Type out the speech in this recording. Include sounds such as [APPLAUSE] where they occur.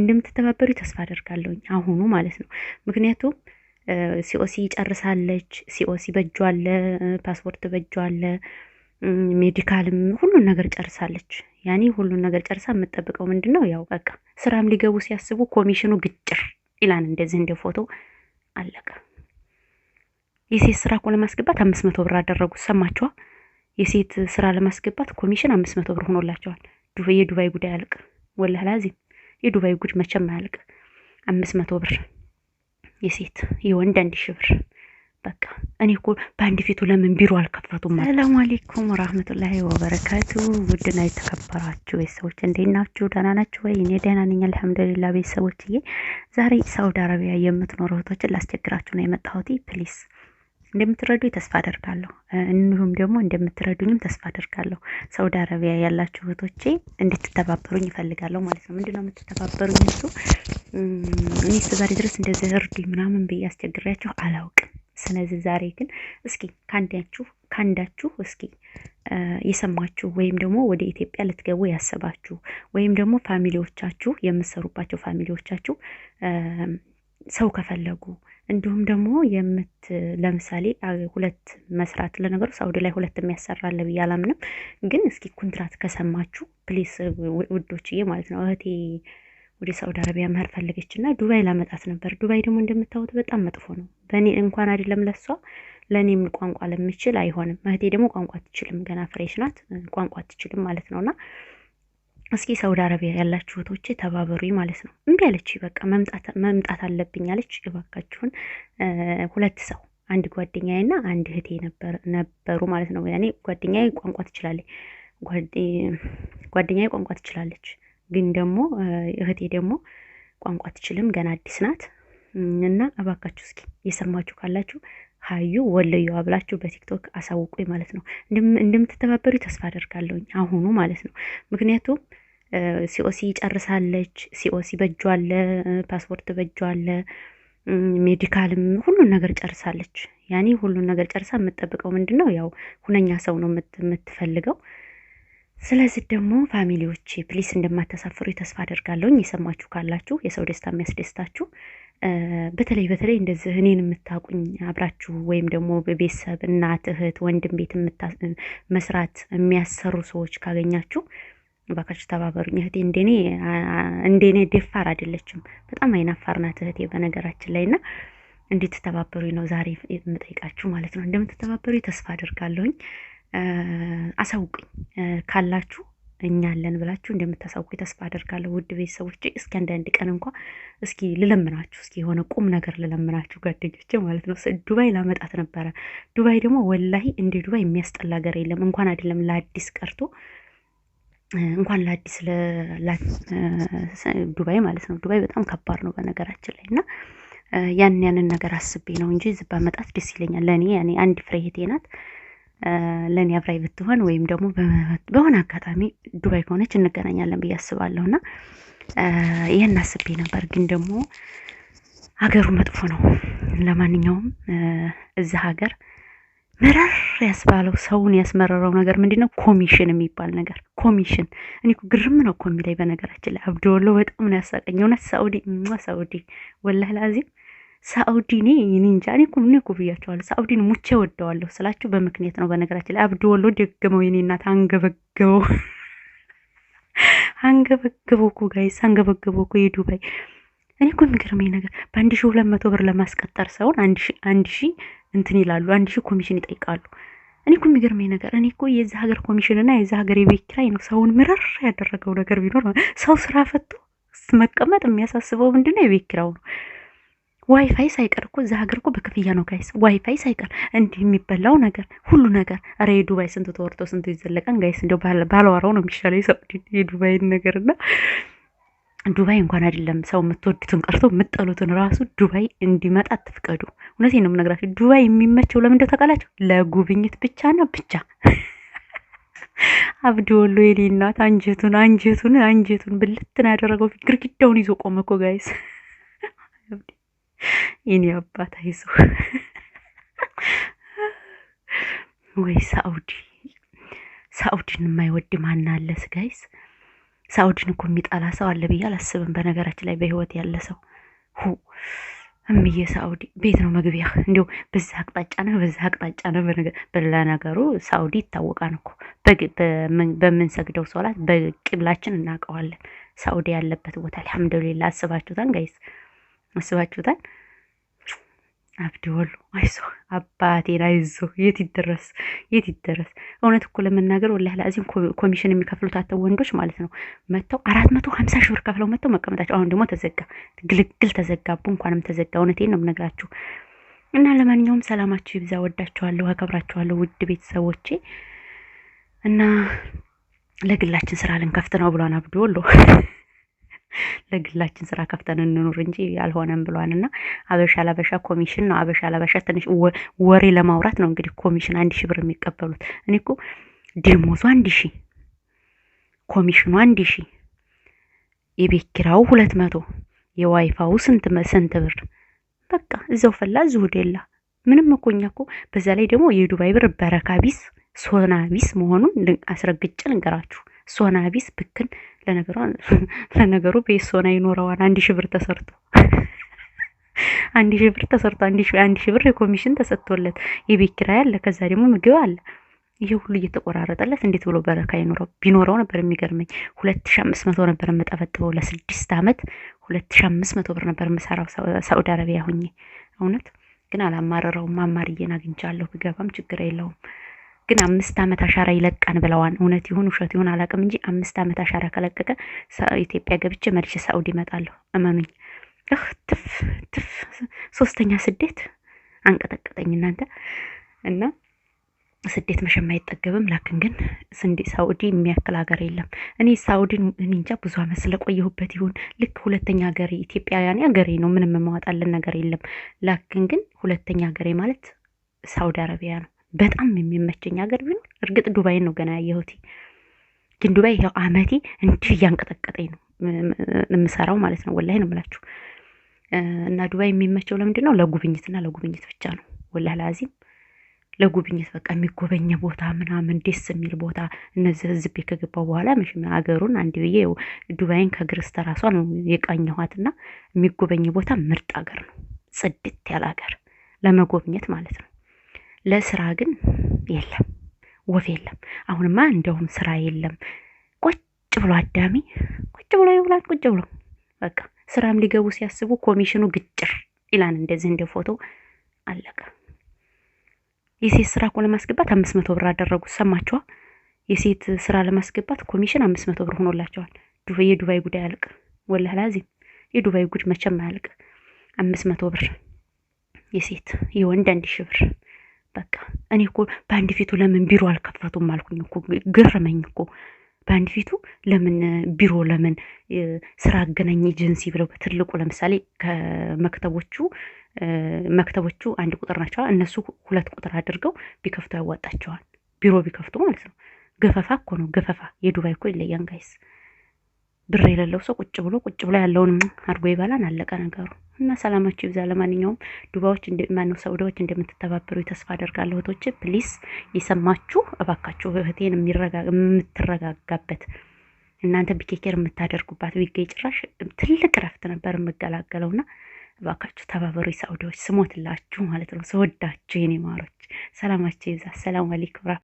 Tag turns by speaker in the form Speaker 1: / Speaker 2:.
Speaker 1: እንደምትተባበሩ ተስፋ አደርጋለሁኝ አሁኑ ማለት ነው። ምክንያቱም ሲኦሲ ጨርሳለች። ሲኦሲ በእጇ አለ፣ ፓስፖርት በእጇ አለ፣ ሜዲካልም ሁሉን ነገር ጨርሳለች። ያኔ ሁሉን ነገር ጨርሳ የምጠብቀው ምንድን ነው? ያው በቃ ስራም ሊገቡ ሲያስቡ ኮሚሽኑ ግጭር ይላን እንደዚህ እንደ ፎቶ አለቀ። የሴት ስራ እኮ ለማስገባት አምስት መቶ ብር አደረጉት። ሰማችኋ? የሴት ስራ ለማስገባት ኮሚሽን አምስት መቶ ብር ሆኖላቸዋል። የዱባይ ጉዳይ አልቅ ወላሂ ላዚም የዱባይ ጉድ መቼም አያልቅ። አምስት መቶ ብር የሴት የወንድ አንድ ሺህ ብር በቃ እኔ እኮ በአንድ ፊቱ ለምን ቢሮ አልከፈቱም?
Speaker 2: ማለት ሰላሙ አሌይኩም ወራህመቱላሂ ወበረካቱ። ውድና የተከበራችሁ ቤተሰቦች እንዴት ናችሁ? ደህና ናችሁ ወይ? እኔ ደህና ነኝ አልሐምዱሊላ። ቤተሰቦችዬ ዛሬ ሳውዲ አረቢያ የምትኖረው እህቶችን ላስቸግራችሁ ነው የመጣሁት። ፕሊስ እንደምትረዱኝ ተስፋ አደርጋለሁ። እንዲሁም ደግሞ እንደምትረዱኝም ተስፋ አደርጋለሁ። ሳውዲ አረቢያ ያላችሁ እህቶቼ እንድትተባበሩኝ ይፈልጋለሁ ማለት ነው። ምንድነው የምትተባበሩኝ? እሱ እኔ እስከ ዛሬ ድረስ እንደዚህ እርዱኝ ምናምን ብዬ አስቸግሬያችሁ አላውቅም። ስለዚህ ዛሬ ግን እስኪ ካንዳችሁ ካንዳችሁ እስኪ የሰማችሁ ወይም ደግሞ ወደ ኢትዮጵያ ልትገቡ ያሰባችሁ ወይም ደግሞ ፋሚሊዎቻችሁ የምትሰሩባቸው ፋሚሊዎቻችሁ ሰው ከፈለጉ እንዲሁም ደግሞ የምት ለምሳሌ ሁለት መስራት ለነገሩ ሳውዲ ላይ ሁለት የሚያሰራ አለ ብዬ አላምንም፣ ግን እስኪ ኮንትራት ከሰማችሁ ፕሊስ ውዶችዬ ማለት ነው። እህቴ ወደ ሳውዲ አረቢያ መሄድ ፈለገች እና ዱባይ ላመጣት ነበር። ዱባይ ደግሞ እንደምታወት በጣም መጥፎ ነው። በእኔ እንኳን አይደለም ለሷ ለእኔም ቋንቋ ለምችል አይሆንም። እህቴ ደግሞ ቋንቋ አትችልም፣ ገና ፍሬሽ ናት፣ ቋንቋ አትችልም ማለት ነውና እስኪ ሳውዲ አረቢያ ያላችሁ እህቶቼ ተባበሩኝ ማለት ነው። እምቢ አለች። በቃ መምጣት አለብኝ አለች። እባካችሁን ሁለት ሰው አንድ ጓደኛዬና አንድ እህቴ ነበሩ ማለት ነው። ያኔ ጓደኛዬ ቋንቋ ትችላለች፣ ጓደኛዬ ቋንቋ ትችላለች፣ ግን ደግሞ እህቴ ደግሞ ቋንቋ አትችልም፣ ገና አዲስ ናት። እና እባካችሁ እስኪ እየሰማችሁ ካላችሁ ሀዩ ወለዩ ብላችሁ በቲክቶክ አሳውቁኝ ማለት ነው። እንደምትተባበሩ ተስፋ አደርጋለሁኝ አሁኑ ማለት ነው ምክንያቱም ሲኦሲ ጨርሳለች። ሲኦሲ በእጇ አለ፣ ፓስፖርት በእጇ አለ፣ ሜዲካልም ሁሉን ነገር ጨርሳለች። ያኔ ሁሉን ነገር ጨርሳ የምጠብቀው ምንድን ነው? ያው ሁነኛ ሰው ነው የምትፈልገው። ስለዚህ ደግሞ ፋሚሊዎች ፕሊስ እንደማታሳፍሩ ተስፋ አደርጋለሁኝ። የሰማችሁ ካላችሁ የሰው ደስታ የሚያስደስታችሁ በተለይ በተለይ እንደዚህ እኔን የምታውቁኝ አብራችሁ ወይም ደግሞ በቤተሰብ እናት፣ እህት፣ ወንድም ቤት መስራት የሚያሰሩ ሰዎች ካገኛችሁ እባካችሁ ተባበሩኝ። እህቴ እንደኔ እንደኔ ደፋር አይደለችም። በጣም አይናፋር ናት እህቴ በነገራችን ላይ እና እንድትተባበሩኝ ነው ዛሬ የምጠይቃችሁ ማለት ነው። እንደምትተባበሩኝ ተስፋ አድርጋለሁኝ። አሳውቁኝ ካላችሁ እኛለን ብላችሁ እንደምታሳውቁኝ ተስፋ አደርጋለሁ። ውድ ቤተሰቦች እስኪ አንዳንድ ቀን እንኳ እስኪ ልለምናችሁ፣ እስኪ የሆነ ቁም ነገር ልለምናችሁ ጓደኞች ማለት ነው። ዱባይ ላመጣት ነበረ። ዱባይ ደግሞ ወላሂ እንደ ዱባይ የሚያስጠላ ሀገር የለም። እንኳን አይደለም ለአዲስ ቀርቶ እንኳን ለአዲስ ዱባይ ማለት ነው። ዱባይ በጣም ከባድ ነው በነገራችን ላይ እና ያን ያንን ነገር አስቤ ነው እንጂ ዝባ በመጣት ደስ ይለኛል። ለእኔ ያኔ አንድ ፍሬ እህቴ ናት ለእኔ አብራይ ብትሆን ወይም ደግሞ በሆነ አጋጣሚ ዱባይ ከሆነች እንገናኛለን ብዬ አስባለሁ እና ይህን አስቤ ነበር፣ ግን ደግሞ ሀገሩ መጥፎ ነው። ለማንኛውም እዚህ ሀገር መረር ያስባለው ሰውን ያስመረረው ነገር ምንድን ነው? ኮሚሽን የሚባል ነገር ኮሚሽን። እኔ ግርም ነው ኮሚ ላይ በነገራችን ላይ አብዶሎ በጣም ነው ያሳቀኝ። እውነት ሳኡዲ ሳኡዲ ወላሂ ላዚም ሳኡዲ እኔ እንጃ እኔ እኮ እኔ እኮ ሳኡዲን ሙቼ ወደዋለሁ ስላችሁ በምክንያት ነው። በነገራችን ላይ አብዶሎ ደገመው የኔ እናት አንገበገበው፣ [LAUGHS] አንገበገበው እኮ ጋይስ አንገበገበው እኮ የዱባይ እኔ እኮ የሚገርመኝ ነገር በአንድ ሺ ሁለት መቶ ብር ለማስቀጠር ሰውን አንድ ሺ እንትን ይላሉ፣ አንድ ሺህ ኮሚሽን ይጠይቃሉ። እኔ እኮ የሚገርመኝ ነገር እኔ እኮ የዚህ ሀገር ኮሚሽን ኮሚሽንና የዚህ ሀገር የቤት ኪራይ ነው ሰውን ምረር ያደረገው ነገር ቢኖር ሰው ስራ ፈቶ መቀመጥ የሚያሳስበው ነው? የቤት ኪራው ነው። ዋይፋይ ሳይቀር እኮ እዚህ ሀገር እኮ በክፍያ ነው ጋይስ። ዋይፋይ ሳይቀር እንዲህ የሚበላው ነገር ሁሉ ነገር። ኧረ የዱባይ ስንት ተወርቶ ስንት ይዘለቀን ጋይስ። እንዲያው ባለዋራው ነው የሚሻለው የዱባይን ነገርና ዱባይ እንኳን አይደለም ሰው የምትወዱትን ቀርቶ የምትጠሉትን ራሱ ዱባይ እንዲመጣ አትፍቀዱ። እውነቴን ነው የምነግራችሁ። ዱባይ የሚመቸው ለምንደ ተቃላቸው ለጉብኝት ብቻ ነው ብቻ። [LAUGHS] አብዲ ወሎ የኔ እናት አንጀቱን አንጀቱን አንጀቱን ብልትን ያደረገው ፊት ግርግዳውን ይዞ ቆመ እኮ ጋይስ። [LAUGHS] የኔ አባት አይዞ [LAUGHS] ወይ ሳኡዲ ሳኡዲን የማይወድ ማን አለ ጋይስ? ሳኡዲን እኮ የሚጣላ ሰው አለ ብዬ አላስብም። በነገራችን ላይ በህይወት ያለ ሰው ሁ እምዬ ሳኡዲ ቤት ነው መግቢያ። እንዲሁ በዚህ አቅጣጫ ነው በዚህ አቅጣጫ ነው። በለነገሩ ሳኡዲ ይታወቃል እኮ በምንሰግደው ሶላት በቅብላችን እናውቀዋለን። ሳኡዲ ያለበት ቦታ አልሐምዱሊላ አስባችሁታን ጋይስ አስባችሁታን። አብዲ ወሎ አይዞ አባቴን አይዞ የት ይደረስ የት ይደረስ። እውነት እኮ ለመናገር ወላሂ ለአዚም ኮሚሽን የሚከፍሉት አተው ወንዶች ማለት ነው መጥተው አራት መቶ ሀምሳ ሺህ ብር ከፍለው መጥተው መቀመጣቸው። አሁን ደግሞ ተዘጋ ግልግል ተዘጋቡ። እንኳንም ተዘጋ። እውነቴን ነው የምነግራችሁ። እና ለማንኛውም ሰላማችሁ ይብዛ። ወዳችኋለሁ፣ አከብራችኋለሁ ውድ ቤተሰቦቼ እና ለግላችን ስራ ልንከፍት ነው ብሏን አብዲ ወሎ ለግላችን ስራ ከፍተን እንኑር እንጂ ያልሆነም ብሏል። እና አበሻ ለበሻ ኮሚሽን ነው። አበሻ ለበሻ ትንሽ ወሬ ለማውራት ነው እንግዲህ ኮሚሽን አንድ ሺ ብር የሚቀበሉት። እኔ እኮ ደሞዙ አንድ ሺ ኮሚሽኑ አንድ ሺ የቤት ኪራው ሁለት መቶ የዋይፋው ስንት ስንት ብር በቃ እዛው ፈላ እዚሁ ደላ። ምንም እኮ እኛ እኮ በዛ ላይ ደግሞ የዱባይ ብር በረካ ቢስ ሶና ቢስ መሆኑን አስረግጬ ልንገራችሁ። ሶና ቢስ ብክን ለነገሩ [LAUGHS] ለነገሩ ቤሶና ይኖረዋል። [LAUGHS] አንድ ሺህ ብር ተሰርቶ አንድ ሺህ ብር ተሰርቶ አንድ ሺህ ብር የኮሚሽን ተሰጥቶለት የቤት ኪራይ አለ፣ ከዛ ደግሞ ምግብ አለ። ይሄ ሁሉ እየተቆራረጠለት እንዴት ብሎ በረካ ይኖረው? ቢኖረው ነበር የሚገርመኝ። ሁለት ሺህ አምስት መቶ ነበር የምጠፈጥበው ለስድስት ዓመት ሁለት ሺህ አምስት መቶ ብር ነበር የምሰራው ሳዑዲ አረቢያ ሁኜ። እውነት ግን አላማረረውም። አማርዬን አግኝቻለሁ። ብገባም ችግር የለውም። ግን አምስት ዓመት አሻራ ይለቃን ብለዋን። እውነት ይሁን ውሸት ይሁን አላውቅም እንጂ አምስት ዓመት አሻራ ከለቀቀ ኢትዮጵያ ገብቼ መልሼ ሳኡዲ እመጣለሁ። እመኑኝ። ትፍ ትፍ ሶስተኛ ስደት አንቀጠቀጠኝ እናንተ እና ስደት መሸም አይጠገብም። ላክን ግን ሳኡዲ የሚያክል ሀገር የለም። እኔ ሳኡዲን እንጃ ብዙ አመት ስለቆየሁበት ይሁን ልክ ሁለተኛ ሀገሬ ኢትዮጵያውያን ሀገሬ ነው። ምንም የማዋጣልን ነገር የለም። ላክን ግን ሁለተኛ ሀገሬ ማለት ሳኡዲ አረቢያ ነው። በጣም የሚመቸኝ ሀገር ቢኖር እርግጥ ዱባይን ነው ገና ያየሁት። ግን ዱባይ ይኸው አመቴ እንዲህ እያንቀጠቀጠኝ ነው የምሰራው ማለት ነው። ወላሂ ነው የምላችሁ። እና ዱባይ የሚመቸው ለምንድን ነው? ለጉብኝትና ለጉብኝት ብቻ ነው። ወላሂ ላዚም ለጉብኝት በቃ የሚጎበኘ ቦታ ምናምን ደስ የሚል ቦታ እነዚህ ህዝብ ከገባው በኋላ መቼም አገሩን አንድ ብዬ ዱባይን ከእግር እስከ ራሷ ነው የቃኘኋትና የሚጎበኝ ቦታ ምርጥ ሀገር ነው። ጽድት ያለ ሀገር ለመጎብኘት ማለት ነው። ለስራ ግን የለም ወፍ የለም። አሁንማ እንደውም ስራ የለም። ቁጭ ብሎ አዳሚ ቁጭ ብሎ ይውላል። ቁጭ ብሎ በቃ ስራም ሊገቡ ሲያስቡ ኮሚሽኑ ግጭር ይላል። እንደዚህ እንደ ፎቶ አለቀ። የሴት ስራ እኮ ለማስገባት አምስት መቶ ብር አደረጉት። ሰማችኋ? የሴት ስራ ለማስገባት ኮሚሽን አምስት መቶ ብር ሆኖላቸዋል። የዱባይ ጉዳይ አልቅ ወላሂ ላዚም የዱባይ ጉድ መቼም አያልቅ። አምስት መቶ ብር የሴት የወንድ አንድ ሺህ ብር በቃ እኔ እኮ በአንድ ፊቱ ለምን ቢሮ አልከፈቱም አልኩኝ እኮ ገረመኝ እኮ በአንድ ፊቱ ለምን ቢሮ ለምን ስራ አገናኝ ኤጀንሲ ብለው ትልቁ ለምሳሌ ከመክተቦቹ መክተቦቹ አንድ ቁጥር ናቸው እነሱ ሁለት ቁጥር አድርገው ቢከፍቱ ያዋጣቸዋል ቢሮ ቢከፍቱ ማለት ነው ገፈፋ እኮ ነው ገፈፋ የዱባይ እኮ ይለያን ጋይስ ብር የሌለው ሰው ቁጭ ብሎ ቁጭ ብሎ ያለውን አድርጎ ይበላን፣ አለቀ ነገሩ እና ሰላማችሁ ይብዛ። ለማንኛውም ዱባዎች ማነው ሰውዳዎች እንደምትተባበሩ ተስፋ አደርጋለሁ። እህቶቼ ፕሊስ የሰማችሁ እባካችሁ እህቴን የምትረጋጋበት እናንተ ቢኬኬር የምታደርጉባት ቢገኝ ጭራሽ ትልቅ ረፍት ነበር የምገላገለው። የምገላገለውና እባካችሁ ተባበሩ። የሳውዲዎች ስሞትላችሁ ማለት ነው። ስወዳችሁ የኔ ማሮች ሰላማችሁ ይብዛ። ሰላም አለይኩም።